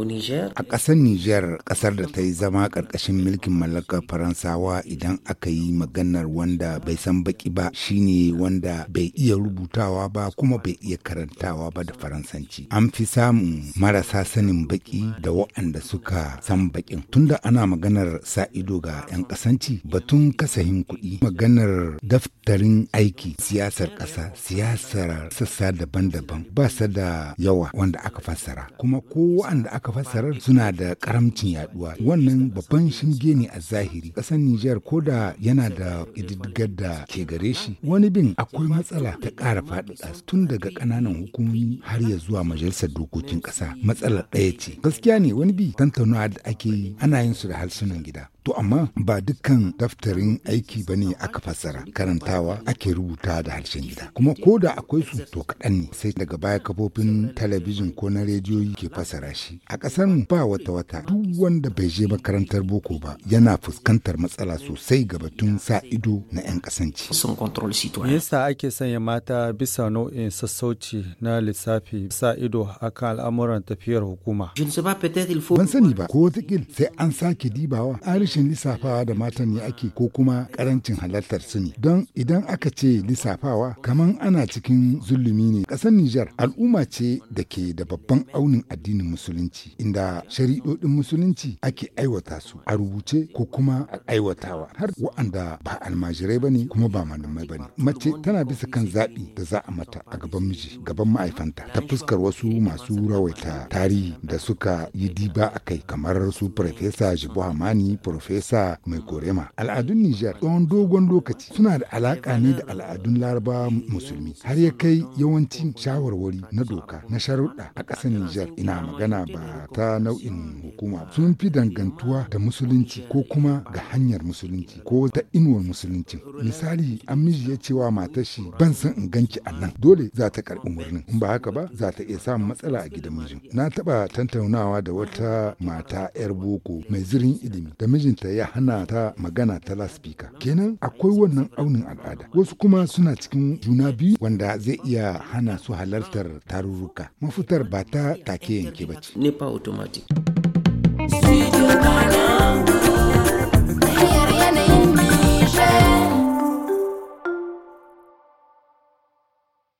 A ƙasar niger ƙasar da ta yi zama ƙarƙashin mulkin mallakar Faransawa idan aka yi maganar wanda bai san baki ba shine wanda bai iya rubutawa ba kuma bai iya karantawa ba da Faransanci. An fi samun marasa sanin baki da waɗanda suka san bakin. Tunda ana maganar sa ido ga 'yan ƙasanci, batun kasahin kuɗi, maganar daftarin aiki, siyasar ƙasa, siyasar sassa daban-daban ba su da yawa wanda aka fassara. Kuma ko waɗanda aka masarar suna da karamcin yaduwa wannan babban shinge ne a zahiri ƙasar Nijar ko da yana da ididgar da ke gare shi wani bin akwai matsala ta ƙara faɗaɗa tun daga ƙananan hukumomi har ya zuwa majalisar dokokin ƙasa matsalar ɗaya ce gaskiya ne wani bi tantaunawa da ake yi ana yin su da harsunan gida To amma ba dukkan daftarin aiki ba ne aka fassara karantawa ake rubuta da harshen gida. Kuma ko da akwai su to kaɗan ne sai daga baya kafofin talabijin ko na rediyoyi ke fassara shi. A ƙasar ba wata wata duk wanda bai je makarantar boko ba yana fuskantar matsala sosai ga batun sa ido na 'yan ƙasanci. Yasa ake sanya mata bisa nau'in sassauci na lissafi sa ido akan al'amuran tafiyar hukuma. Ban sani ba ko sai an sake dibawa. rashin lissafawa da matan ne ake ko kuma karancin halartar su ne don idan aka ce lissafawa kamar ana cikin zulumi ne ƙasar Nijar al'umma ce da ke da babban aunin addinin musulunci inda shari'o'in musulunci ake aiwata su a rubuce ko kuma a aiwatawa har wa'anda ba almajirai ba ne kuma ba malamai ba ne mace tana bisa kan zaɓi da za a mata a gaban miji gaban ma'aifanta ta fuskar wasu masu rawaita tarihi da suka yi diba a kai kamar su farfesa jibo hamani Farfesa Mai Korema. Al'adun Nijar tsawon dogon lokaci suna da alaƙa ne da al'adun Laraba musulmi har ya kai yawancin shawarwari na doka na sharuɗa a ƙasar Nijar ina magana ba ta nau'in hukuma sun fi dangantuwa da musulunci ko kuma ga hanyar musulunci ko ta inuwar musulunci. Misali an miji ya cewa matar shi ban san in ganki a nan dole za ta karɓi murnin in ba haka ba za ta iya samun matsala a gidan mijin. Na taɓa tantaunawa da wata mata 'yar boko mai zirin ilimi da mijin mijinta ya hana ta magana ta laspika kenan akwai wannan aunin al'ada wasu kuma suna cikin juna biyu wanda zai iya hana su halartar tarurruka mafitar ba ta take yanke ba ce.